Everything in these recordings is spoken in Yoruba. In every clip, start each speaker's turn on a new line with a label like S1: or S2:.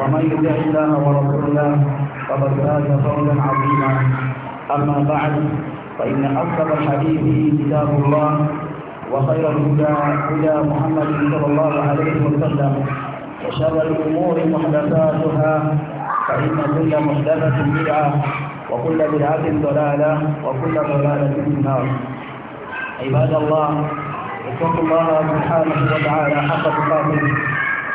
S1: ومن يطع الله ورسوله فقد فاز فوزا عظيما اما بعد فان اصدق الحديث كتاب الله وخير الهدى هدى محمد صلى الله عليه وسلم وشر الامور محدثاتها فان كل محدثه بدعه وكل بدعه ضلاله وكل ضلاله في النار عباد الله اتقوا الله سبحانه وتعالى حق تقاته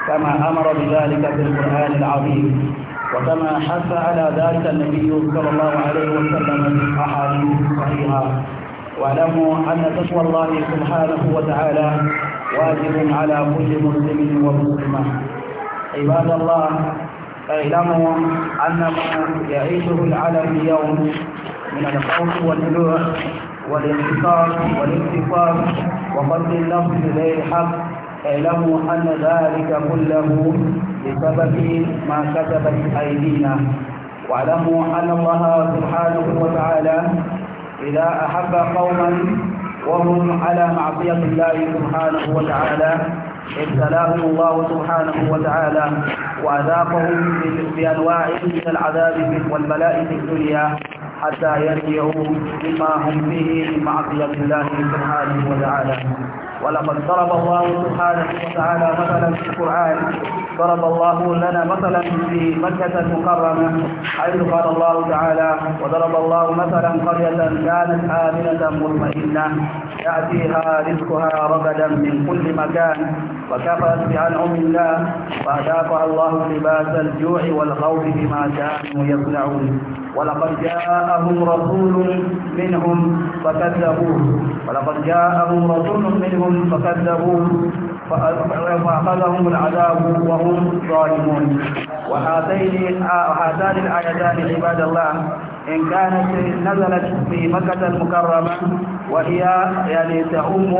S1: كما أمر بذلك في القرآن العظيم وكما حث على ذلك النبي صلى الله عليه وسلم في أحاديث صحيحة واعلموا أن تقوى الله سبحانه وتعالى واجب على كل مسلم ومسلمة عباد الله اعلموا أن ما يعيشه العالم اليوم من الخوف والجوع والانتصار والانتصار وفضل النفس بغير حق اعلموا أن ذلك كله بسبب ما كتبت أيدينا واعلموا أن الله سبحانه وتعالى إذا أحب قوما وهم على معصية الله سبحانه وتعالى ابتلاهم الله سبحانه وتعالى وأذاقهم بأنواع من العذاب والبلاء في الدنيا حتى يرجعوا لما هم فيه من معصية الله سبحانه وتعالى ولقد ضرب الله سبحانه وتعالى مثلا في القرآن ضرب الله لنا مثلا في مكة المكرمة حيث قال الله تعالى وضرب الله مثلا قرية كانت آمنة مطمئنة يأتيها رزقها رغدا من كل مكان وكفت بأنعم الله فأذاقها الله لباس الجوع والخوف بما كانوا يصنعون ولقد جاءهم رسول منهم فكذبوه ولقد جاءهم رسول منهم فكذبوه فأخذهم العذاب وهم ظالمون وهاتين هاتان الآيتان عباد الله إن كانت نزلت في مكة المكرمة وهي يعني تعم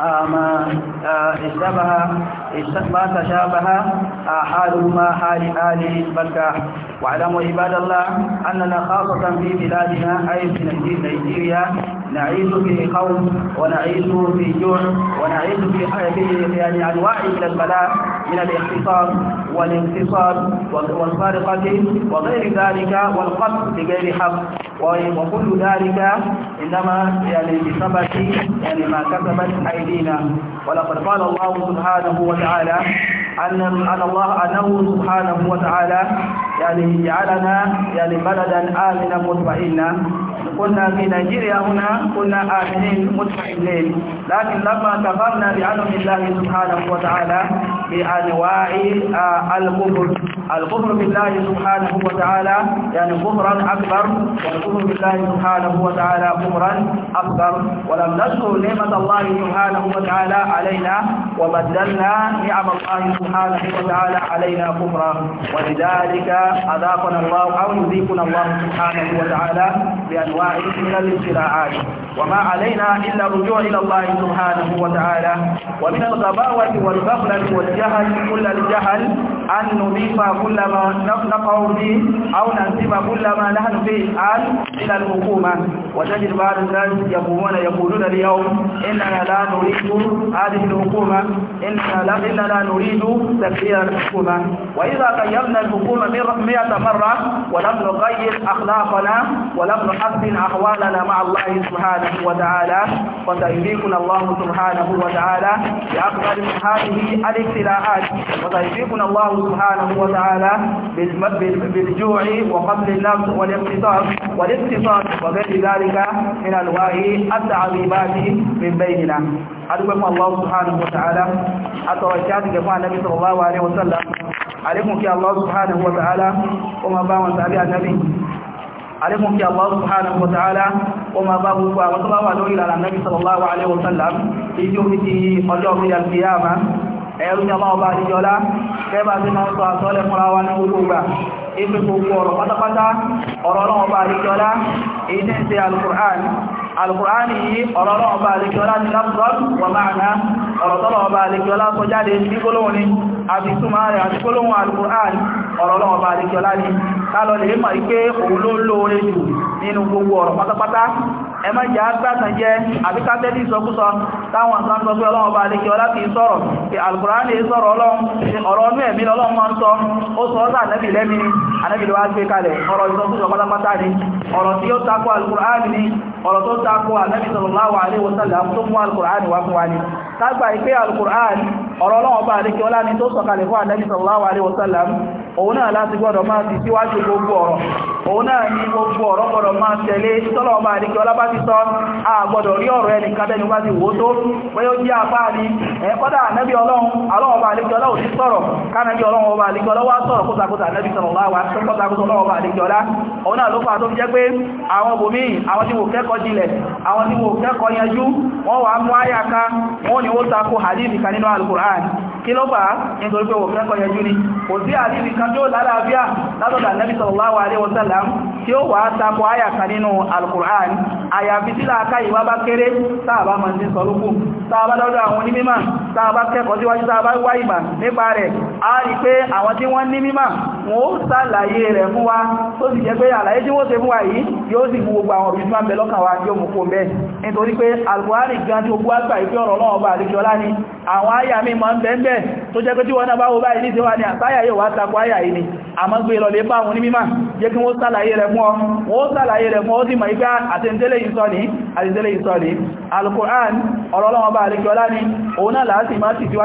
S1: آه، ما آه، اشتبه آه، ما تشابه حالهما حال آل مكة واعلموا عباد الله أننا خاصة في بلادنا أي في نيجيريا نعيش في خوف ونعيش في جوع ونعيش في يعني أنواع من البلاء من الاغتصاب والاغتصاب والسرقة وغير ذلك والقتل بغير حق وكل ذلك إنما يعني بسبب يعني ما كسبت أيدينا ولقد قال الله سبحانه وتعالى أن أن الله أنه سبحانه وتعالى يعني يجعلنا يعني بلدا آمنا مطمئنا كنا في نيجيريا هنا كنا آمنين مطمئنين لكن لما كفرنا بعلم الله سبحانه وتعالى بأنواع الكفر الكفر بالله سبحانه وتعالى يعني كفرا أكبر والكفر بالله سبحانه وتعالى كفرا أكبر ولم نذكر نعمة الله سبحانه وتعالى علينا وبدلنا نعم الله سبحانه وتعالى علينا كفرا ولذلك أذاقنا الله أو يذيقنا الله سبحانه وتعالى بأنواع من الابتلاءات وما علينا إلا الرجوع إلى الله سبحانه وتعالى ومن الغباوة والغفلة والجهل كل الجهل أن نضيف كل ما نقع فيه أو ننسب كل ما نحن فيه الآن إلى الحكومة وتجد بعض الناس يقومون يقولون اليوم إننا لا نريد هذه الحكومة إننا لا, إننا نريد تكفير الحكومة وإذا قيمنا الحكومة 100 مرة ولم نغير أخلاقنا ولم نحسن أحوالنا مع الله سبحانه سبحانه وتعالى وتأذيكنا الله سبحانه وتعالى بأقدر من هذه الاقتلاعات وتأذيكنا الله سبحانه وتعالى بالجوع وقتل النفس والاقتصاد والاقتصاد وغير ذلك من أنواع التعذيبات من بيننا أدوكم الله سبحانه وتعالى أتوجهات كفاء النبي صلى الله عليه وسلم عليكم كي الله سبحانه وتعالى وما بعمل تعبير النبي عليكم كي الله سبحانه وتعالى ó máa bá gbogbo àwọn tó bá wà lórí ìlànà Nabi sallallahu alaihi wasallam ìjọ fi ti ọjọ́ orí alkiyama ẹ̀rù ní ọmọ ọba àdíjọlá kẹba tí máa ń sọ àtọ́lẹ̀ fúnra wa ní gbogbo gbà ife gbogbo ọ̀rọ̀ pátápátá ọ̀rọ̀ ọlọ́wọ́ ọba àdíjọlá èyí àbí túnmà rẹ̀ àti gbólóhùn alùkùnrin ọ̀rọ̀ ọlọ́wọ́ bá rí kíọlá ní kálọ̀ lè mọ̀ pé òun ló lóore jù nínú gbogbo ọ̀rọ̀ pátápátá ẹ má jẹ́ jẹ́ àbí ìsọkúsọ táwọn kan sọ pé bá rí sọ̀rọ̀ alùkùnrin lè sọ̀rọ̀ ọlọ́run ọ̀rọ̀ ọdún ẹ̀mí lọ́lọ́run ń sọ ó sọ ọ́ anábìlẹ̀ wá gbé kalẹ̀ ọ̀rọ̀ ìsọkúsọ pátápátá ni ọ̀rọ̀ tí ó takò alkùránì ni ọ̀rọ̀ tó takò anábì sallallahu alaihi wasallam tó mú alkùránì wá fún wa ni tágbà ìpé alkùránì ọ̀rọ̀ ọlọ́wọ́ bá àríkẹ́ ọlá ni tó sọ̀kalẹ̀ fún anábì sallallahu alaihi wasallam òun náà láti gbọ́dọ̀ máa ti síwájú gbogbo ọ̀rọ̀ òun náà ní gbogbo ọ̀rọ̀ gbọ́dọ̀ máa tẹ̀lé tọ́lọ̀ ọba àdíkẹ́ ọlábá ti sọ àgbọ́dọ̀ rí ọ̀rọ̀ ẹnìkan tẹ́nu bá ti wò tó wọ́n yóò tó tọ́takútọ́ lọ́wọ́ bá àdíjọ́lá òun náà ló fà tó fi jẹ́ pé àwọn bòmí àwọn tí wò kẹ́kọ̀ọ́ jinlẹ̀ àwọn tí wò kẹ́kọ̀ọ́ yanjú wọ́n wà mú àyà ká wọ́n ni ó takò hadith kan nínú al-Qur'an kí ló fà nítorí pé wò kẹ́kọ̀ọ́ yanjú ni kò sí hadith kan tí ó lálàáfíà látọ̀dà Nabi sallallahu alaihi wasallam tí ó wà takò àyà kan nínú al-Qur'an àyàfi tí láàká ìwá bá kéré sáàbá tàbá kẹ́kọ̀ọ́ síwájú tàbá wá ìmà nípa rẹ̀ a rí pé àwọn tí wọ́n ní mímà wọ́n ó sàlàyé rẹ̀ fún wa tó sì jẹ́ pé àlàyé tí wọ́n ṣe fún wa yìí yóò sì gbogbo àwọn àwọn àyà mi ma ń bẹ̀ẹ́bẹ̀ tó jẹ́ pé tí wọ́n náà bá wo báyìí ní tíwá ní àtàyà yóò ni àmọ́ gbé lọ lè bá wọn ní mímá jẹ́ kí wọ́n sàlàyé rẹ̀ fún ọ wọ́n sàlàyé rẹ̀ fún ọ sí ma ipá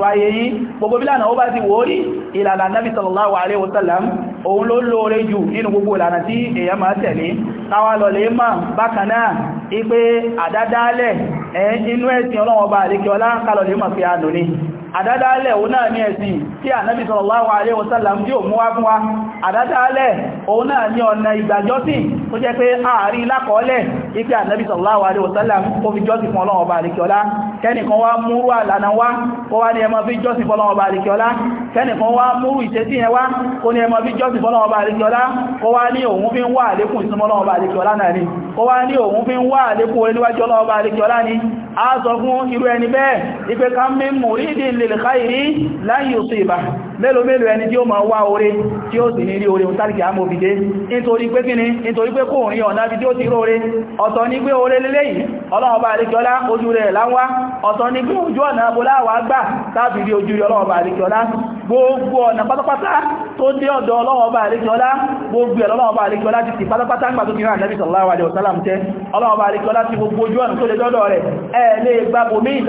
S1: ètò ayé yìí gbogbo bílànà ó bá ti wò ìlànà Nabi sallallahu alaihi wasallam òun ló lóore jù nínú gbogbo ìlànà tí èyàn máa tẹ̀lé táwa lọ lè máa bákanáà ipé àdádálẹ̀ ẹ̀yìn inú ẹ̀sìn ọlọ́wọ́ bá àríkẹ́ọlá kálọ̀ lè máa fi ànù ni sallallahu alaihi wasallam tí ò àdádálẹ̀ òun náà ní ọ̀nà ìgbàjọ́sìn tó jẹ́ pé ààrí lákọọ́lẹ̀ ipé ànábì sallallahu alaihi wasallam kó fi jọ́sìn fún ọlọ́wọ́ bá àríkíọlá kẹ́nìkan wá múrú àlànà wá kó wá ní ẹmọ fi jọ́sìn fún ọlọ́wọ́ bá àríkíọlá kẹ́nìkan wá múrú ìṣesí yẹn ni kó wá ní òun fi ń wá àlékún ni a sọ fún irú ẹni bẹ́ẹ̀ ipé ká mí mùrídìn lil khairi láyé òsì ìbá mélòó mélòó ẹni tí ó máa wá oore tí ó sì ní rí oore ohun tàbí àmò òbìdé nítorí pé kíni nítorí pé kò rí ọ̀nà bí tí ó ti róore ọ̀tọ̀ ní pé oore lélẹ́yìn ọlọ́ọ̀bá àríkíọlá ojú rẹ̀ láwá ọ̀tọ̀ ní pé ojú ọ̀nà aboláwà gbà tàbí rí ojú ọlọ́ọ̀bá àríkíọlá gbogbo ọ̀nà pátápátá tó dé ọ̀dọ̀ ọlọ́ọ̀bá àríkíọlá gbogbo ẹ̀lọ́ọ̀bá àríkíọlá ti ti pátápátá ń gbà tó kìíràn àjẹ́bì sallallahu alaihi wasallam tẹ́ ọlọ́ọ̀bá àríkíọlá ti gbogbo ojú ọ̀nà tó lè dọ́dọ̀ mí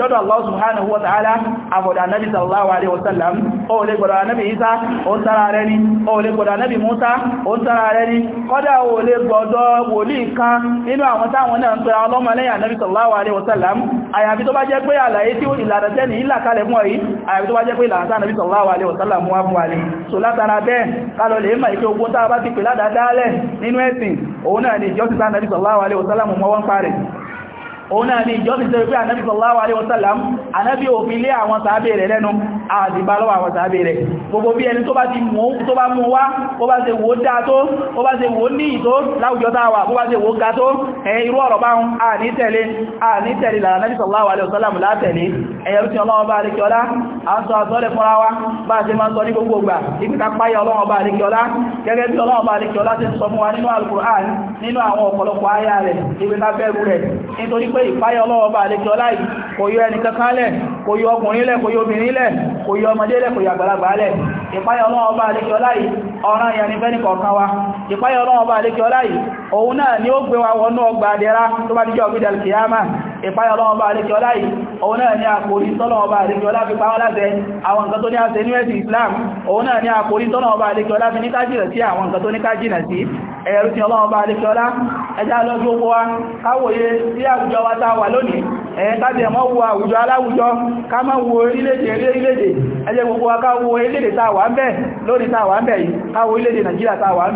S1: ìdọ́dọ̀ ọ̀dọ̀ ànábì Mùsá ó ń tara rẹ̀ ní kọ́dá ò lè gbọ́dọ̀ wòlíì kan nínú àwọn táwọn náà ń pẹ ọlọ́mọlẹ́yìn ànábì sallallahu alaihi wasallam àyàfi tó bá jẹ́ pé àlàyé tí ó ìlànà tẹ́ni ìlà kalẹ̀ mọ́ yìí àyàfi tó bá jẹ́ pé ìlànà tánà bí sallallahu alaihi wasallam wá mú alẹ́ so a bá ti pè ládàá dálẹ̀ nínú òun náà ni ìjọ́sìn tó wípé ànábì sallallahu alaihi wasallam ànábì òfin lé àwọn sàábẹ̀ rẹ̀ lẹ́nu àdìbà lọ́wọ́ àwọn sàábẹ̀ rẹ̀ gbogbo bí ẹni tó bá ti mú wá bó bá ṣe wò dáa tó bó bá ṣe wò ní ìtó láwùjọ táwà bó bá ṣe wò ga tó ẹ irú ọ̀rọ̀ bá ń àní tẹ̀lé àní tẹ̀lé lára ànábì sallallahu alaihi wasallam látẹ̀lé ẹ̀yẹ̀rú ti ọlọ́wọ́ bá àríkẹ́ ọlá a ń sọ àtọ́lẹ̀ fúnra wá bá ṣe máa sọ ní gbogbo ìgbà ìpìta páyẹ ọlọ́wọ́ bá àríkẹ́ ọlá gẹ́gẹ́ bí ọlọ́wọ́ bá àríkẹ́ ọlá ti sọ fún wa nínú al ìpáyà ọlọ́wọ́ bá àlejò ọláì kò yọ ẹni kankan lẹ̀ kò yọ ọkùnrin lẹ̀ kò yọ obìnrin lẹ̀ kò yọ ọmọdé lẹ̀ kò yọ àgbàlagbà lẹ̀ ìpáyà ọlọ́wọ́ bá àlejò ọláì ọ̀ràn yẹn ni fẹ́ni wa ìpáyà ọlọ́wọ́ bá àlejò wa wọnú ọgbà àdẹ́rá tó bá dijọ́ ìpáyà ọlọ́wọ́ bá àríkẹ́ ọlá yìí òun náà ni àkórí tọ́lọ́wọ́ bá àríkẹ́ ọlá fi pàwọ́ láti àwọn nǹkan tó ní àṣẹ ní ẹ̀sìn Islam òun náà ni àkórí tọ́lọ́wọ́ bá àríkẹ́ ọlá fi ní kájìnà sí àwọn nǹkan tó ní kájìnà sí ẹ̀rù ti ọlọ́wọ́ bá àríkẹ́ ọlá ẹjá lọ́jú owó wa káwòye sí àwùjọ wa tá wà lónìí ẹ̀yẹn tàbí ẹ̀mọ́ wo àwùjọ aláwùjọ ká má wo orílẹ̀-èdè orílẹ̀-èdè ẹjẹ́ gbogbo wa káwo orílẹ̀-èdè tá wà ń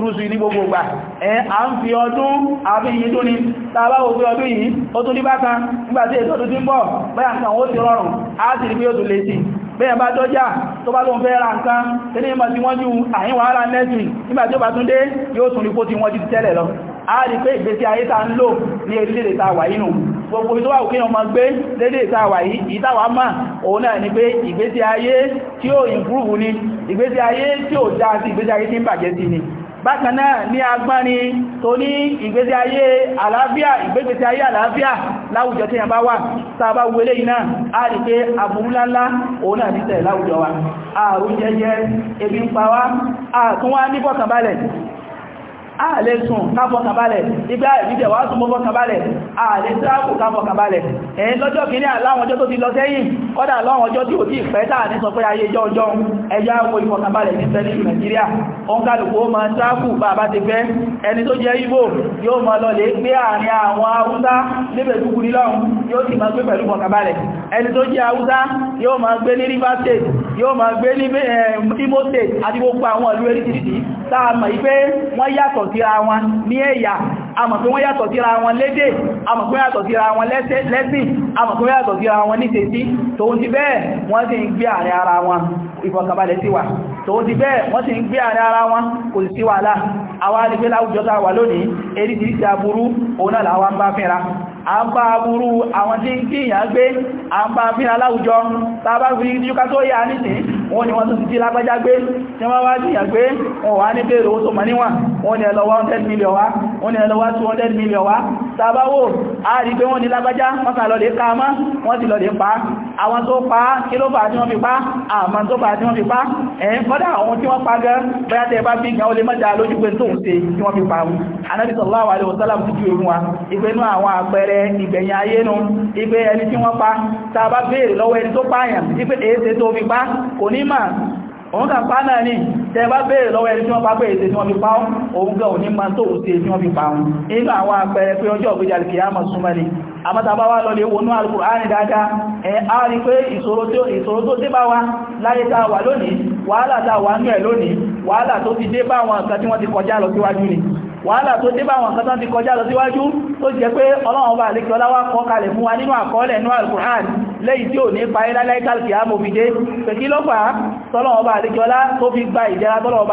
S1: bẹ̀ tóbi ní gbogbo ìgbà ẹ̀ à ń fi ọdún àbí iye tó ní tàbá òfin ọdún yìí ó tún ní bákan nígbàtí ètò ọdún tí ń bọ̀ bẹ́yà nǹkan ó ti rọrùn á sì rí pé ó tún lè sí bẹ́ẹ̀ bá dọ́jà tó bá lóun fẹ́ ra nǹkan tí ní ìmọ̀ tí wọ́n ju àyíwá ara nẹ́sìn nígbà tí ó bá tún dé yóò tún rí kó tí wọ́n jí tẹ́lẹ̀ lọ a rí pé ìgbésí ayé ta ń lò ní orílẹ̀-èdè ta wà nínú gbogbo tó wà òkè ọmọ gbé lédè ta wà yìí ìtawà máa òun náà ni pé ìgbésí ayé tí ó improve ni ìgbésí ayé tí ó dáa sí ìgbésí ayé tí ń bàjẹ́ sí ni bákan náà ní agbárin tó ní ìgbésí ayé àlàáfíà ìgbésí ayé àlàáfíà láwùjọ tí a bá wà tàbá wọlé iná a rí pé àbúrúláńlá òun náà títẹ̀ láwùjọ wa àrùn jẹjẹ ebi ń pa wá àtúnwá níbọ̀kànbalẹ̀ ààlẹ́sùn káfọ́kàbálẹ̀ igbá ìbídẹ̀ wà tún mọ́fọ́kàbálẹ̀ ààlẹ́sàkù káfọ́kàbálẹ̀ ẹ̀yìn lọ́jọ́ kìíní àláwọn ọjọ́ tó ti lọ sẹ́yìn kọ́dà láwọn ọjọ́ tí ò tí ìpẹ́ tàà ní sọ pé ayé jọjọ́ ẹjá wo ìfọ̀kàbálẹ̀ ní sẹ́lẹ̀ Nàìjíríà ọ̀nkálùkù ó máa sáàkù bàbá ti fẹ́ ẹni tó jẹ́ Ìgbò yóò máa lọ lè gbé àárín àwọn Haúsá níbẹ̀ dúkù nílọ́run yóò sì máa gbé pẹ̀lú ìfọ̀kàbálẹ̀ ẹni tó jẹ́ Haúsá yóò máa gbé ní Rivers State yóò máa gbé ní eh, Imo State àti gbogbo àwọn ìlú eréjìdì táà mọ̀ ipé wọ́n yàtọ̀ yàtọ̀ síra wọn ní ẹ̀yà àmọ̀ pé wọ́n yàtọ̀ síra wọn lédè àmọ̀ pé yàtọ̀ síra wọn lẹ́sìn àmọ̀ pé yàtọ̀ síra wọn ní tètí tòun ti bẹ́ẹ̀ wọ́n sì ń gbé àárín ara wọn ìfọ̀kànbalẹ̀ sí wa tòun ti bẹ́ẹ̀ wọ́n sì ń gbé àárín ara wọn kò sí wàhálà àwa ni pé láwùjọ tá wà lónìí erí ti a ń bá aburú àwọn tí ń kí ìyàn gbé a ń bá fíra láwùjọ tàbá fi yíká tó yà nìsìn wọ́n ni wọ́n tó ti jí lágbájá gbé tí wọ́n wá jíyàn gbé wọ́n wá ní bèèrè owó tó mọ̀ ni ẹlọ́wọ́ 100 million wá wọ́n ni 200 million wá tàbáwò a rí pé wọ́n ni lágbájá wọ́n sà lọ lè ká mọ́ wọ́n ti lọ lè pa àwọn tó pa kí ló fà tí wọ́n fi pa àmà tó fà tí wọ́n fi pa ẹ̀yìn kọ́dà àwọn tí wọ́n pa gan bẹ́yà tẹ́ bá fi gan bẹ ìgbẹ̀yìn ayé nu ipé ẹni tí wọ́n pa tàbá béèrè lọ́wọ́ ẹni tó pààyàn ipé èése tó fi pa kò ní mà òun kà pa náà ní tẹba béèrè lọ́wọ́ ẹni tí wọ́n pa pé èsè tí wọ́n fi pa ọ́ òun gan òní ma tó òsè tí wọ́n fi pa ọ́ nínú àwọn àpẹẹrẹ pé ọjọ́ ọ̀gbẹ́jà lè kìí wàhálà tó dé bá wọn kan tán ti kọjá lọ síwájú tó jẹ́ pé ọlọ́run bá àlékí ọláwá kọ kalẹ̀ fún wa nínú àkọọ́lẹ̀ inú alkùnrán lẹ́yìn tí ò ní parí láìláìkàl kí a mò fi dé pẹ̀kí ló fà á tọ́lọ́run bá àlékí ọlá tó fi gba ìjẹra tọ́lọ́run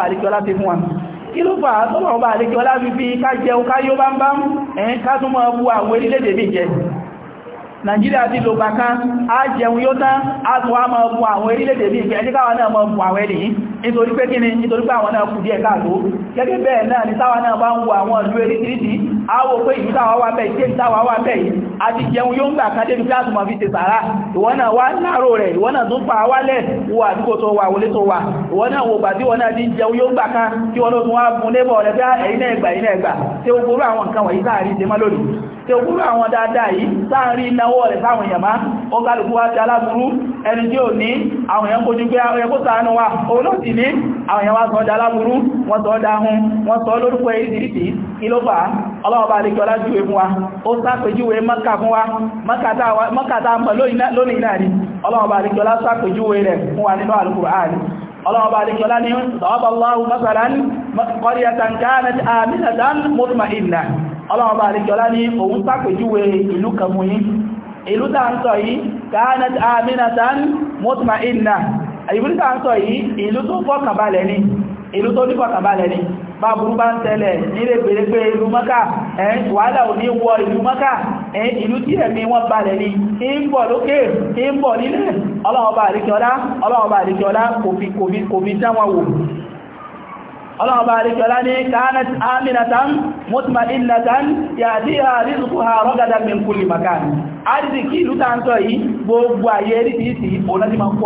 S1: bá nàìjíríà ti lò bàká a jẹun yóò tán a tún wá máa bu àwọn orílẹ̀-èdè ní ìfẹ́ ẹjíkáwà náà máa bu àwọn ẹ̀lẹ̀ nítorí pé kíni nítorí pé àwọn náà kù díẹ̀ káàkó gẹ́gẹ́ bẹ́ẹ̀ náà ni táwa náà bá ń wo àwọn ìlú eréṣìíríṣìí a wò pé ìlú táwa wà bẹ́ẹ̀ ìṣẹ́ ìtawà wà bẹ́ẹ̀ yìí a ti jẹun yóò ń gbà kan débi láti mọ̀ fi ṣe sàárà ìwọ náà wá láàrò rẹ̀ ìwọ náà tún pa wálẹ̀ wo àdúgbò tó wà wọlé tó wà ìwọ náà wo gbàdí wọn náà ti jẹun yóò ń gbà kan kí wọn ló tún wá gun lébọ̀ rẹ̀ ah, bí ṣe ogúrú àwọn dáadáa yìí sáàrin ìnáwó rẹ̀ sáwọn èèyàn ó kálùkú wá ti aláburú ẹni tí ò ní àwọn èèyàn kojú pé àwọn ẹkó sàánú wa òun náà sì ní àwọn èèyàn wá sọ ọdá aláburú wọ́n sọ ọdá hun wọ́n sọ lórúkọ ìdìrìtì kí ló fà ọlọ́ọ̀bá alẹ́kẹ́ ní ọ̀bọ̀láhù masalan qaryatan kanat aminatan mutma'inna ọlọ́ọ̀bá àríkọlá ní òun pàpèjúwe ìlú kàmù yí ìlú tàǹtọ̀ yìí kanat ka mutma'inna ìlú tàǹtọ̀ yìí ìlú tó fọ́kànbalẹ̀ ni ìlú tó ní fọ́kànbalẹ̀ bá ń tẹ́lẹ̀ nílé pèrèpé ìlú mọ́ká ẹ̀yìn wàhálà ò ní wọ ìlú mọ́ká ẹ̀yìn ìlú tí ẹ̀mí wọ́n balẹ̀ ní ń bọ̀ lókè ń bọ̀ nílẹ̀ ọlọ́ọ̀bá àríkọlá ọlọ́wọ́ bá rí kọlá ní kánat aminatan mutmainatan ya'tiha rizquha ragadan min kulli makan àrísìkí ìlú tàǹtọ̀ yìí gbogbo ayé rí tìí sí òun láti máa kó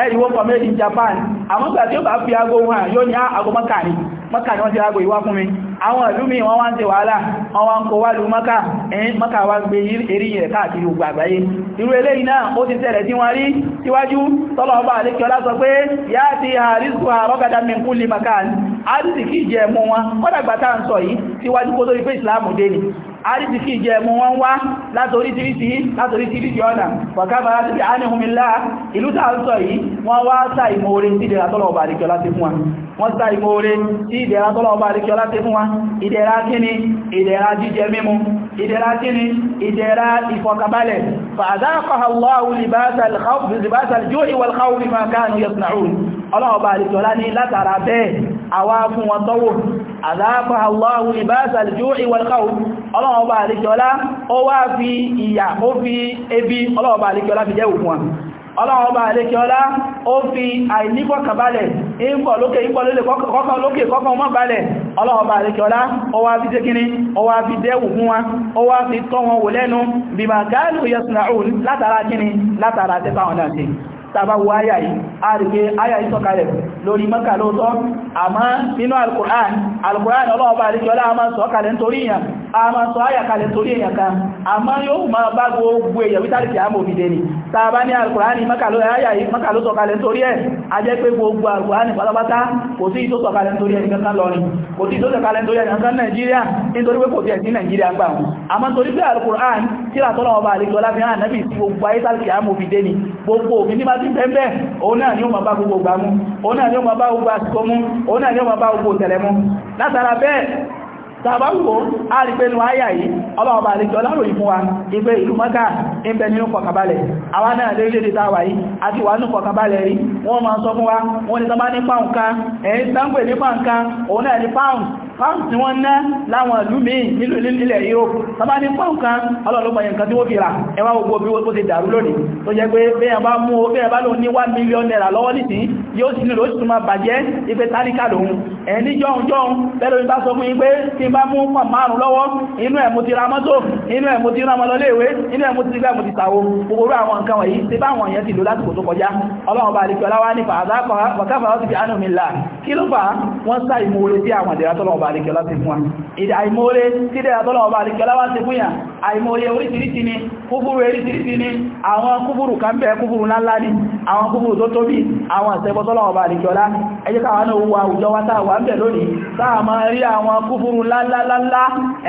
S1: ẹ̀rì wọ́n pọ̀ mẹ́rin Japan àmọ́gbà tí ó bá fi aago wọn yóò ní ah, aago mọ́kà ní mọ́kà ní wọ́n ti aago ìwá fún mi àwọn ìlú mi wọ́n wá ń ṣe wàhálà wọ́n wá ń kó wá lu mọ́kà ẹ̀yìn mọ́kà wá gbé eré yẹ̀ káàkiri ògbà àgbáyé irú eléyìí náà ó ti tẹ̀rẹ̀ tí wọ́n rí síwájú tọ́lọ̀ ọba àlékiọlá sọ pé yá ti àrísù àrọ́gàdá mẹ́kú lè mọ́kà àrísì kí ìjẹ́ mú wọn kọ́dàgbà tá à ń sọ yìí síwájú kó tó rí pé ìsìláàmù dé ni àríṣìkí jẹ mú wọn wá látorí tìrìsì látorí tìrìsì ọ̀nà pàkàbà láti fi ánìhùnmílá ìlú tàà ń sọ yìí wọ́n wá sáà ìmọ̀ orin tí ìdẹ̀ra tọ́lọ̀ ọba àríkẹ́ láti fún wa wọ́n sá ìmọ̀ orin tí ìdẹ̀ra tọ́lọ̀ ọba àríkẹ́ láti fún wa ìdẹ̀ra kíni ìdẹ̀ra jíjẹ mímu ìdẹ̀ra kíni ìdẹ̀ra ìfọ̀kàbalẹ̀ fa'adhaqaha Allahu libasal khawfi wal khawfi àwa fún wọn tọ́wọ́ Allahu libasa al-ju'i wal-khawf ọlọ́ọ̀bá àríkẹ́ọlá ó wá fi ìyà ó fi ebi ọlọ́ọ̀bá fi jẹ́ òkun wọn ọlọ́ọ̀bá àríkẹ́ọlá fi àìníkọ̀kàbalẹ̀ ìpọ̀ lókè ìpọ̀ lókè kọ́kọ́ fi jẹ́kíní ó wá fi dẹ́wù fún wa ó fi kanu yasna'un tàbá wo àyà yìí a rí pé àyà yìí sọ̀kalẹ̀ lórí Mẹ́kà lóòtọ́ àmọ́ nínú Al-Qur'an Al-Qur'an ọlọ́ọ̀bá àríkẹ́lá a máa sọ̀kalẹ̀ nítorí èèyàn a máa sọ àyà kalẹ̀ torí èèyàn kan àmọ́ yóò máa bá gbogbo èèyàn wítàrí kí a mọ̀ ni tàbá ní Al-Qur'an Mẹ́kà ló sọ̀kalẹ̀ nítorí ẹ̀ a ni kò sí ìtó sọ̀kalẹ̀ nítorí ẹni kankan Nàìjíríà nítorí pé kò sí ẹ̀sìn Nàìjíríà ń gbà ti bẹ́ẹ̀bẹ́ òun náà ni ó ma bá gbogbo gbà mú òun náà ni ó ma bá gbogbo àsìkò mú òun náà ni ó ma bá gbogbo tẹ̀lẹ̀ látara bẹ́ẹ̀ tàbá wò á rí pé ní wáyà yìí ọlọ́ọ̀bà àríkẹ́ ọláròyìn fún wa ìgbé ìlú mọ́ká ń bẹ nínú kọ̀kàbalẹ̀ àwa náà lérílẹ̀-èdè tàwà yìí àti wà ní kọ̀kàbalẹ̀ rí wọ́n máa sọ fún wa wọ́n ni tọ́bá ní pound ẹ̀yìn tánpè ní pound Europe tọ́bá ní pound kan ọlọ́lọ́pọ̀ nǹkan tí wọ́n fi rà ẹwà gbogbo bí ó ti dàrú lónìí tó jẹ́ pé bẹ́ẹ̀ bá mú o bẹ́ẹ̀ bá lóun ní 1 million bá mú pọ̀ márùn lọ́wọ́ inú ẹ̀ mo ti ra mọ́tò inú ẹ̀ mo ti rán ọmọ lọ léèwé inú ẹ̀ mo ti gbá mo ti tàwo gbogbo àwọn nǹkan wọ̀nyí tí báwọn èèyàn ti lò lásìkò tó kọjá ọlọ́run bá àlekẹ́ ọlá wá ní fàázá kọ̀ọ̀káfà láti fi ánù mi là kí ló fà àwọn àdèrà ni kúfúrú oríṣiríṣi ni àwọn kúfúrú kan bẹ́ẹ̀ kúfúrú ńláńlá ni àwọn kúfúrú tó tóbi àwọn àṣẹ́bọ́ tọ́lọ́run bá àlekẹ́ ọlá ẹjẹ́ káwọn náà wo àwùjọ wa táà ń bẹ̀ lónìí táà rí àwọn kúfúrú ńlá ńláńláńlá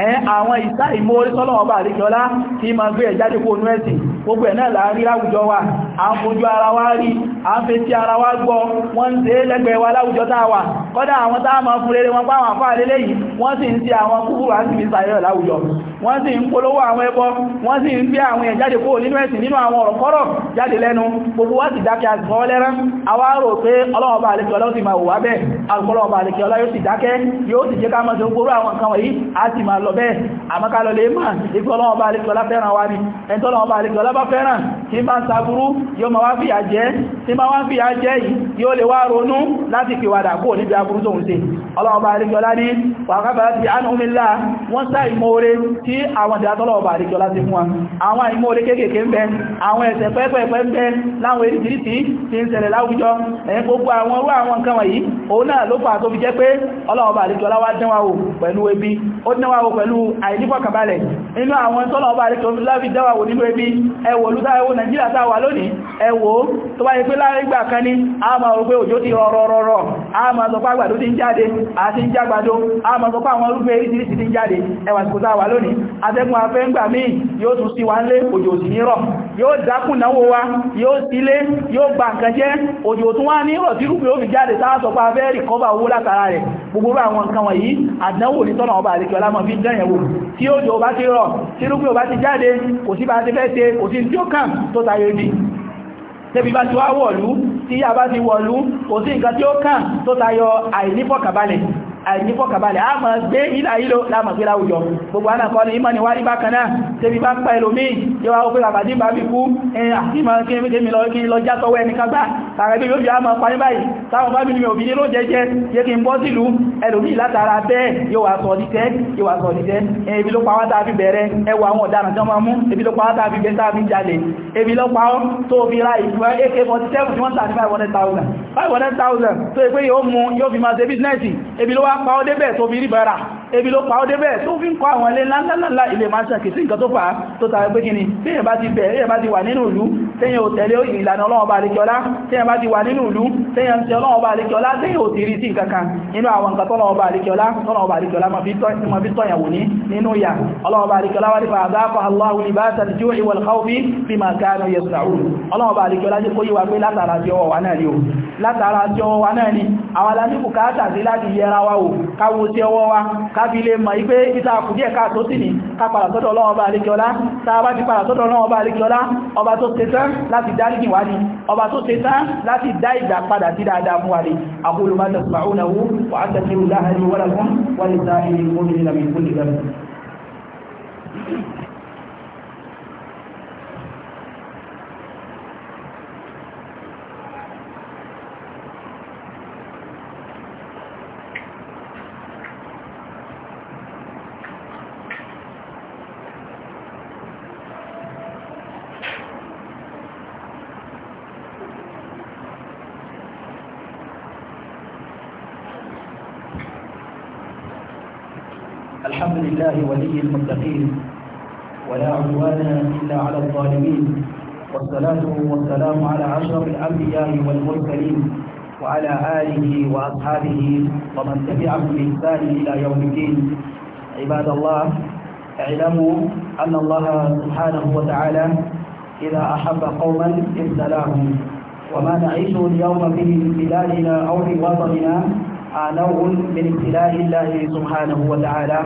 S1: ẹ̀ àwọn ìsá ìmó orísọ́lọ́wọ́bà àríkọlá kí ma gbé ẹ̀jáde kó nú ẹ̀sìn gbogbo ẹ̀ náà láàrin láwùjọ wa a ń fojú ara wa rí a ń fetí ara wa gbọ́ wọ́n ń ṣe lẹ́gbẹ̀ẹ́ wa láwùjọ táà wà kọ́dá àwọn táà máa fún rere wọn páwọn àfáà lélẹ́ yìí wọ́n sì ń ṣe àwọn kúrú àti ìsà ìrọ̀ láwùjọ wọ́n sì ń polówó àwọn ẹbọ wọ́n sì ń gbé àwọn èèyàn jáde kúrò nínú ẹ̀sìn nínú àwọn ọ̀rọ̀ kọ́rọ̀ jáde lẹ́nu gbogbo wá sì dákẹ́ àtìkọ́ lẹ́rán àwa rò pé ọlọ́wọ́ bá àlekẹ́ ọlọ́wọ́ sì máa wò bẹ́ẹ̀ àlùkọ́lọ́wọ́ bá àlekẹ́ ọlọ́wọ́ sì dákẹ́ yóò sì jẹ́ ká mọ́ sí gbogbo àwọn nǹkan wọ̀nyí a ti máa lọ bẹ́ẹ̀ àmọ́ká lọ lè máa ikú ọlọ́wọ́ bá alẹ́kọ̀ọ́lá fẹ́ràn wa ni ẹni tọ́lọ́wọ́ bá alẹ́kọ̀ọ́lá bá fẹ́ràn tí bá ń sàbúrú yóò máa wá fìyà jẹ tí bá wá fìyà jẹ yìí yóò lè wá ronú láti pèwàdà kó níbi aburú tó ń ṣe ọlọ́wọ́ bá alẹ́kọ̀ọ́lá ní wàkàbà ti anúmílá wọ́n sá ìmóore tí àwọn ìdátọ́lọ́wọ́ bá alẹ́kọ̀ọ́lá ti fún wa àwọn ìmóore kéékèèké ń bẹ àwọn ẹ̀ṣẹ̀ pẹ́pẹ́pẹ́ ń bẹ láwọn eréjìrìtì tí ń ṣẹlẹ̀ láwùjọ ẹ̀yìn pẹ̀lú ebi ó níwàwó pẹ̀lú àìdífọ̀kàbalẹ̀ nínú àwọn tọ́nà ọba àríkẹ́ láfi dáwàwò nínú ebi ẹwò olúdáwò nàìjíríà sáwà lónìí ẹwò tó bá pé lárígbà kan ní a máa òjò ti rọrọrọrọ yóò dákùn náwó wa yóò sílé yóò gba nǹkan jẹ́ òjò tún wá ní rọ̀ tí rúgbìn jáde sáà sọ pé owó látara rẹ̀ gbogbo àwọn nǹkan wọ̀nyí àdánwò tọ́nà ọba àríkẹ́ ọlámọ̀ fi jẹ́yẹ̀ wò tí ó jọ bá ti rọ̀ tí rúgbìn ọba ti jáde kò sí bá ti fẹ́ ṣe kò sí tí ó kàn tó tayọ ibi tẹ́bí bá ti wá wọ̀lú tí yà bá ti wọ̀lú kò sí nǹkan tí ó kàn tó tayọ àìnífọ̀kàbalẹ̀ àìnífọ̀kàbalẹ̀ a máa gbé ilá ìlò lámàgbé láwùjọ gbogbo anàkọ́ ni ìmọ̀ ni wá rí bákan náà tẹ́bí bá ń pa ẹlòmí yíwa ó pé bàbàdí bá bí kú àtíma kí ní lọ játọwọ́ ẹnikàgbà tààrẹ bí yóò fi á máa parí báyìí táwọn bá bí ní òbí ní ló jẹjẹ yé kí n bọ́ sílùú ẹlòmí látara bẹ́ẹ̀ yóò wà sọ ní tẹ́ yóò wà sọ ní tẹ́ ebi ló pàwọ́ tàà fi bẹ̀rẹ̀ ẹwà àwọn ọ̀daràn tán máa mú ebi ló pàwọ́ tàà fi bẹ̀ tàà fi jalè ebi ló pàwọ́ tó fi ra ìfẹ́ AK-47 tí wọ́n tà ní 500,000 500,000 tó ẹgbẹ́ yóò mú yóò fi máa ṣe bísínẹ́sì ebi ló wá wá pa ọ́ débẹ̀ tó fi rí bára ebi ló pa ọ́ débẹ̀ tó fi ń kọ́ àwọn ilé ńláńláńlá ilé máa ṣàkì sí nǹkan tó fà á tó tàbí pé kíni bí èyàn bá ti bẹ̀ èyàn bá ti wà nínú ìlú tẹ́yìn ò tẹ̀lé ìlànà ọlọ́run bá àlekíọlá tẹ́yìn bá ti wà nínú ìlú tẹ́yìn ti ọlọ́run bá àlekíọlá tẹ́yìn ò ti rí sí nǹkan kan nínú àwọn nǹkan tọ́lọ́run bá àlekíọlá tọ́lọ́run bá àlekíọlá ma fi tọ́yàn wò ní nínú yà ọlọ́run bá àlekíọlá wà nípa àdáfà aláwù ní bá tàbí wò káwo sí ọwọ́ wa kábí lè mọ̀ ipé ìta àkùdíẹ̀ káàtó sí ní ká padà sọ́dọ̀ ọlọ́run ọba àríkíọlá tàbá ti padà sọ́dọ̀ ọlọ́run ọba àríkíọlá ọba tó ṣe tán láti dáríkì wá ní ọba tó ṣe tán láti dá ìgbà padà sí dáadáa fún wa ní aqulu ma tasma'unahu wa astaghfirullaha li wa lakum wa lisa'iril mu'minina min kulli dhanb الحمد لله ولي المتقين ولا عدوان إلا على الظالمين والصلاة والسلام على أشرف الأنبياء والمرسلين وعلى آله وأصحابه ومن تبعهم بإحسان إلى يوم الدين عباد الله اعلموا أن الله سبحانه وتعالى إذا أحب قوما ابتلاهم وما نعيش اليوم في بلادنا أو في وطننا نوع من ابتلاء الله سبحانه وتعالى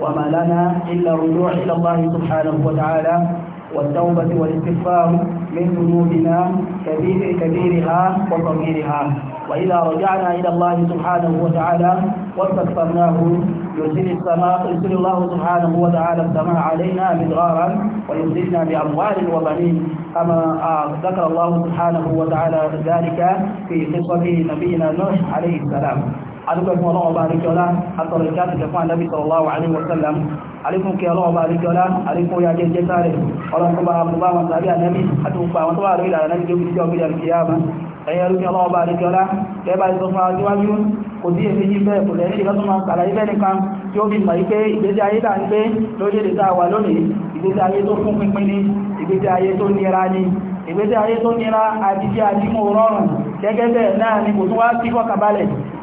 S1: وما لنا إلا الرجوع إلى الله سبحانه وتعالى والتوبة والاستغفار من ذنوبنا كبير كبيرها وصغيرها وإذا رجعنا إلى الله سبحانه وتعالى واستغفرناه يرسل السماء يرسل الله سبحانه وتعالى السماء علينا مدرارا ويرسلنا بأموال وبنين كما آه، ذكر الله سبحانه وتعالى ذلك في قصة نبينا نوح عليه السلام adúgbẹ̀fún ọlọ́wọ́ bá àríkọ́lá àtọ̀rọ̀ ìkẹ́ àti jẹfún àdábì sallallahu alaihi wasallam alékún kí ọlọ́wọ́ bá àríkọ́lá alékún ya jẹ́ jẹ́ta rẹ̀ ọlọ́kún bá àbúbá wọn tàbí ànábì àti gbogbo àwọn tó wà lórí kí ọlọ́wọ́ bá àríkọ́lá kẹ́bà ìsọfún àjúwájú kò sí èmi ìgbésí ayé tó nira ní ìgbésí ayé tó nira rọrùn gẹ́gẹ́ bẹ́ẹ̀ náà ni kò tún wá sí fọ́kàbalẹ̀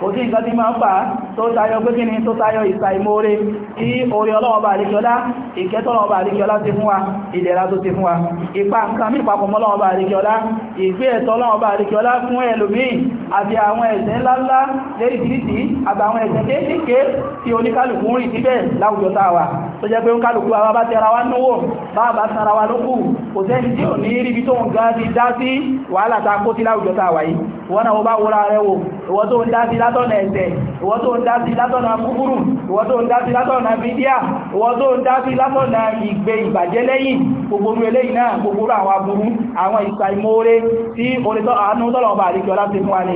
S1: kò sí nǹkan tí máa ń fà tó tayọ pé kíni tó tayọ ìsà ìmóore tí orí ọlọ́ọ̀bà àríkíọlá ìkẹtọ̀lọ́ọ̀bà àríkíọlá ti fún wa ìdẹ̀ra tó ti fún wa ipa nǹkan mí papọ̀ mọ́lọ́ọ̀bà àríkíọlá ìgbé ẹ̀tọ́ ọlọ́ọ̀bà àríkíọlá fún ẹlòmíì àti àwọn ẹ̀ṣẹ̀ ńláńlá léríṣiríṣi àtàwọn ẹ̀ṣẹ̀ kéékèèké tí oníkálùkù ń rìn síbẹ̀ láwùjọ tá tó jẹ́ pé oníkálùkù àwọn bá tẹra wa náwó bá a bá sanra wa lókù kò sẹ́ni tí ò ní ríbi tó ń gan ti dá sí wàhálà tá a kó sí láwùjọ tá a wà yìí ìwọ náà wọ́n bá wúra rẹ̀ wò ìwọ tó ń dá sí látọ̀nà ẹ̀ṣẹ̀ ìwọ tó ń dá sí látọ̀nà kúkúrù ìwọ tó ń dá sí látọ̀nà fídíà ìwọ tó ń dá sí látọ̀nà ìgbé ìbàjẹ́ lẹ́yìn gbogbo orú eléyìí náà gbogbo àwọn aburú àwọn ìsàìmóore tí orí àánú tọ́lọ̀ ọba àdìgbọ́lá ti fún wa ní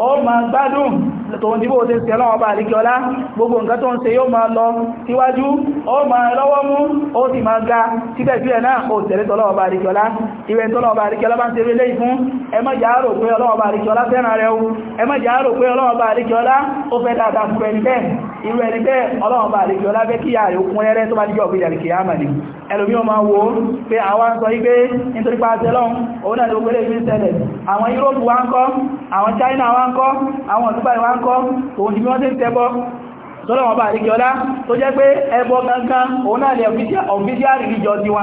S1: ó ma gbádùn tòun tí bó ṣe ṣe lọ́wọ́ bá àríkíọlá gbogbo nǹkan tó ń ṣe yóò ma lọ síwájú ó ma lọ́wọ́ mú ó sì ma ga síbẹ̀síbẹ̀ náà ó tẹ̀lé tọ́lọ́wọ́ bá àríkíọlá ìwẹ̀ tọ́lọ́wọ́ bá àríkíọlá bá ń ṣe relé fún ẹ má jà irú ẹni bẹ́ẹ̀ ọlọ́wọ́ bá àríkíọlá fẹ́ kíyà rẹ̀ okun rẹ̀ tó bá díjọ́ òbí ìdàríkì àmà ni ẹlòmí ọmọ wo pé àwọn ń sọ wípé nítorí pàṣẹ lọ́n òun náà ló gbélé China wá ń kọ́ àwọn ọ̀túnbà ìwá ń kọ́ òun ni wọ́n tẹ́ tẹ́bọ́ tọ́lọ̀wọ̀n bá àríkẹ́ ọlá tó jẹ́ pé ẹbọ gangan òun náà lè ọ̀fíṣíà religion tiwa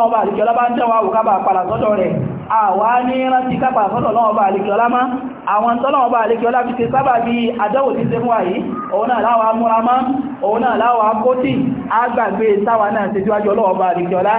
S1: tọ́lọ́wọ́ bá àríkẹ́lá bá ń tẹ́wà àwòkábà padà sọ́dọ̀ rẹ̀ àwá ní rántí kápà sọ́dọ̀ lọ́wọ́ àríkẹ́lá má àwọn tọ́lọ́wọ́ àríkẹ́lá fi ṣe sábà bí àdẹ́wò ti ṣe fún àyí òun náà múra má òun náà láwà kótì àgbàgbé náà ṣe síwájú ọlọ́wọ́ àríkẹ́lá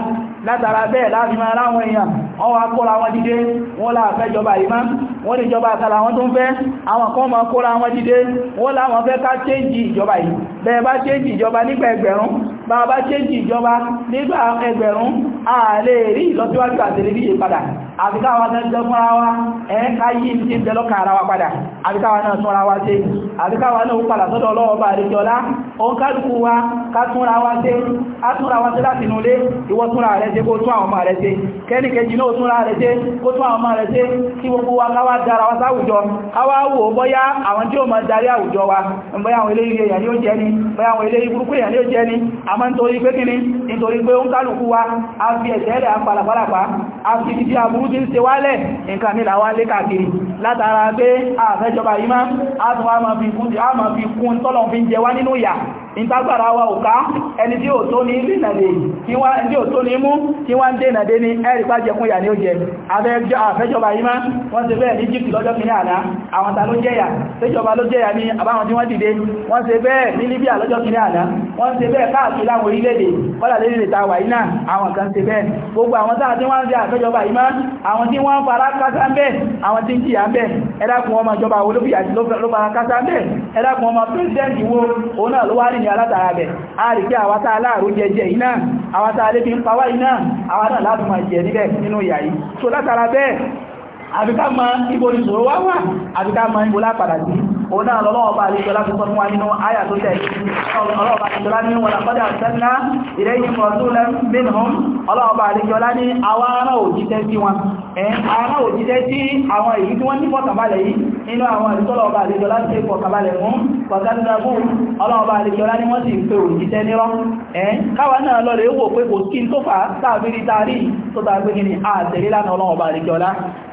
S1: látara bẹ́ẹ̀ láti máa ráwọn èèyàn wọ́n wá kóra wọn dìde wọ́n láàfẹ́ jọba ìmá wọ́n ní ìjọba àtàrà wọn tó ń fẹ́ àwọn kan máa kóra wọn dìde wọ́n láwọn fẹ́ ká chéjì ìjọba yìí bẹ́ẹ̀ bá chéjì ìjọba nígbà ẹgbẹ̀rún bá bá chéjì ìjọba nígbà ẹgbẹ̀rún ààlè rí ìlọsíwájú àtẹ̀lẹ́bíyè padà àbíkáwà náà jẹ́ fún ara wa ẹ̀ẹ́ká yí tí ń tẹ́lọ́kà ara wa padà àbíkáwà náà tún ara wa ṣe àbíkáwà náà ó padà sọ́dọ̀ ọlọ́ọ̀bà àríkẹ́ọlá òun kálùkù wa ká túnra wa ṣe á túnra wa ṣe láti nulé ìwọ túnra rẹ̀ ṣe kó tún àwọn ọmọ wa káwá dára wa sáwùjọ káwá wò bọ́yá àwọn tí ó máa darí ni ó jẹ́ ni bọ́yá ni ó jẹ́ ni a máa ń torí pé kíni nítorí pé ó aburú ti ń ṣe wálẹ̀ nǹkan mi làwọn alé káàkiri látara pé àfẹ́jọba yìí máa tún wá máa fi kún tọ́lọ̀ fi jẹ wá nínú ìyà ìtagbàra wa òká ẹni tí ó tó ní ìrìnàdè kí wá ẹni tí ó tó ní mú kí wá ń dènàdè ní ẹ̀rìpá jẹkún ìyà ní ó jẹ àfẹ́jọba yìí má wọ́n ṣe bẹ́ẹ̀ ní Egypt lọ́jọ́ kìíní àná àwọn ta ló jẹ́yà ṣéjọba ló jẹ́yà ní àbáwọn tí wọ́n dìde wọ́n ṣe bẹ́ẹ̀ ní Libya lọ́jọ́ kìíní àná wọ́n ṣe bẹ́ẹ̀ káàkiri láwọn orílẹ̀-èdè kọ́lá lórílẹ̀-èdè ta wà yìí náà àwọn kan ṣe bẹ́ẹ̀ gbogbo àwọn táà ni alátara bẹ̀ a rí kí àwátá aláàrú jẹjẹ iná àwátá alé fi ń pawá iná àwátá láti máa jẹ níbẹ̀ nínú ìyà yìí so látara bẹ́ẹ̀ àbíká ma ibo ìṣòro wá wà àbíká ma ibo lápadà sí òun náà lọ́wọ́ bá àlejò láti sọ fún wa nínú àyà tó tẹ̀ ọlọ́wọ́ bá àlejò láti wọn àkọ́dà sẹ́nà ìrẹ́yìn mọ̀tún lẹ́mìnhùn ọlọ́wọ́ bá àlejò láti àwọn ará òjíṣẹ́ sí wọn ará òjíṣẹ́ sí àwọn èyí tí wọ́n ní fọ́kànbalẹ̀ yìí nínú àwọn àdìsọ́lọ́wọ́ bá àlejò láti fọ́kànbalẹ̀ fún pọ̀kánlẹ́gbù ọlọ́wọ́ bá àlejò láti wọ́n sì ń pe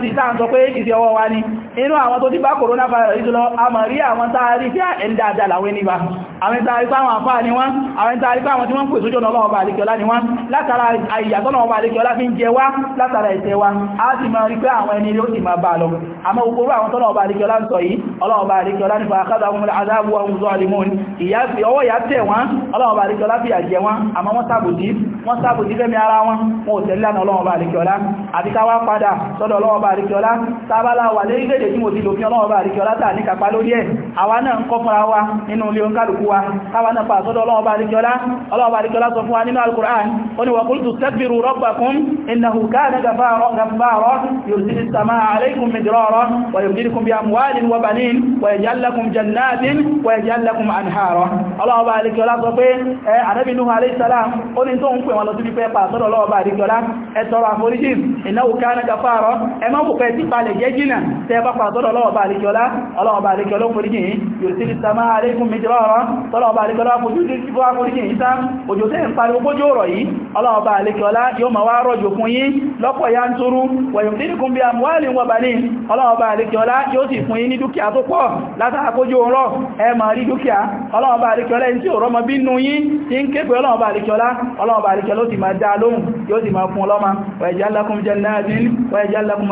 S1: sí táà ń sọ pé ìsì ọwọ́ wa ní inú àwọn tó ti bá coronavirus ìjọlọ a mọ̀ rí àwọn tààrí tí ah, ẹni dáadáa làwọn ẹni bá àwọn tààrí pé àwọn ni wọ́n àwọn tààrí pé àwọn tí wọ́n pè sójú ọ̀nà ọba ni wọ́n látara àyàtọ́nà ọba àlekọ́lá fi ń jẹ wá látara ẹ̀ṣẹ̀ wa a sì máa rí pé àwọn ẹni yóò sì máa bá lọ àmọ́ gbogbo àwọn tọ́nà ọba àlekọ́lá ń sọ yìí ọlọ́ọba àlekọ́lá nípa àkádà ọmọ adáàbò ohun zọ àlèmọ́ ọwọ́ ìyá tẹ̀ wọ́n ọlọ́ọba àlekọ́lá fi àjẹ wọ́n àmọ́ wọ́n ọlọ́ọ̀bá àríkíọlá tábálà wà lérí lèdè tí mo ti lòfin ọlọ́ọ̀bá àríkíọlá tà ní kàpá lórí ẹ̀ àwa náà ń kọ́ fúnra wa nínú ilé oníkàlùkù wa táwa náà pa àsọ́dọ̀ ọlọ́ọ̀bá àríkíọlá ọlọ́ọ̀bá àríkíọlá sọ fún wa nínú alukur'an ó ní wa qultu istaghfiru rabbakum innahu kana ghaffara yursilis samaa alaykum midrara wa yumdidukum bi amwalin wa banin wa yaj'al lakum jannatin wa yaj'al lakum anhara ọlọ́ọ̀bá àríkíọlá sọ ẹmọ́ òkùnkẹ́ tí palẹ̀ jẹ́ jìnà tẹ́ bá pàtọ́lọ̀ ọlọ́ọ̀bá àríkẹ́ọlá ọlọ́ọ̀bá àríkẹ́ọlá fòríjìn yóò sí ìsàmá àríkún méjìlọ́rọ̀ tọ́lọ̀ọ̀bá àríkẹ́ọlá fòríjìn ìta òjò tẹ́ ń pariwo bójó rọ̀ yìí ọlọ́ọ̀bá àríkẹ́ọlá yóò máa wá rọ̀jò fún yín lọ́pọ̀ ya ń túrú wẹ̀yùndínkùn bí àmúwàlì wọ bà ní ọlọ́ọ̀bá àríkẹ́ọlá yóò sì fún yín ní dúkìá tó pọ̀ látàkójó rọ̀ ẹ máa rí dúkìá ọlọ́ọ̀bá àríkẹ́ọlá ẹni tí ò fún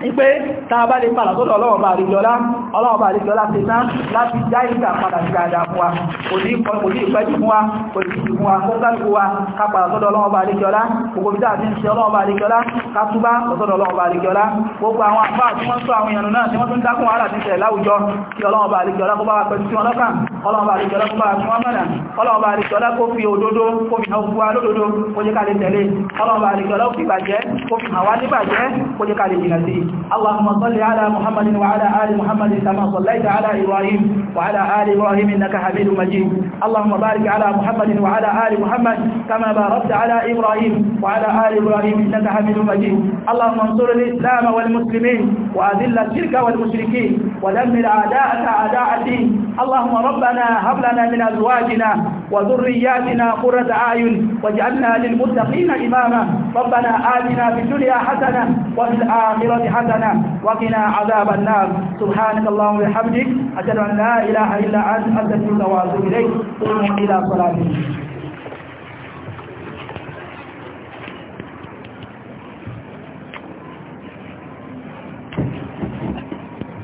S1: wípé tàbá lè pàdà tó lọ́wọ́bà àríjọlá ọlọ́wọ́bà àríjọlá ti ná láti já ìgbà padà sí dáadáa fún wa kò ní ìpẹ́jù fún wa kò ní ìpẹ́jù fún wa kó kálùkù wa ká padà tó lọ́wọ́bà àríjọlá gbogbo bí dáadé ń ṣe ọlọ́wọ́bà àríjọlá ká túbá ọ̀tọ́dọ̀ ọlọ́wọ́bà àríjọlá gbogbo àwọn àpá àti wọ́n sọ àwọn èèyàn náà tí wọ́n tún dákùn wàhálà ti ṣẹ̀ láwùjọ kí ọlọ́wọ́bà àríjọlá kó bá wa pẹ̀lú sí wọn lọ́kàn ọlọ́wọ́bà àríjọlá kó bá wa fún wọn mọ̀nà ọlọ́wọ́bà àríjọlá kó fi òdodo kó fi hàn fún wa lódodo kó jẹ́ ká lè tẹ̀lé ọlọ́wọ́bà àríjọlá kó fi bàjẹ́ fi hàn wá níbàjẹ́ kó jẹ́ ká lè jìnà sí i اللهم صل على محمد وعلى آل محمد كما صليت على إبراهيم وعلى آل إبراهيم إنك حميد مجيد اللهم بارك على محمد وعلى آل محمد كما باركت على إبراهيم وعلى آل إبراهيم إنك حميد مجيد اللهم انصر الإسلام والمسلمين وأذل الشرك والمشركين ودمر أعداءك أعداء الدين اللهم ربنا هب لنا من أزواجنا وذرياتنا قرة أعين واجعلنا للمتقين إماما ربنا آتنا في الدنيا حسنة وفي الآخرة حسنة حسنة وقنا عذاب النار سبحانك اللهم وبحمدك أشهد أن لا إله إلا أنت أستغفرك وأتوب إليك قوموا إلى صلاتكم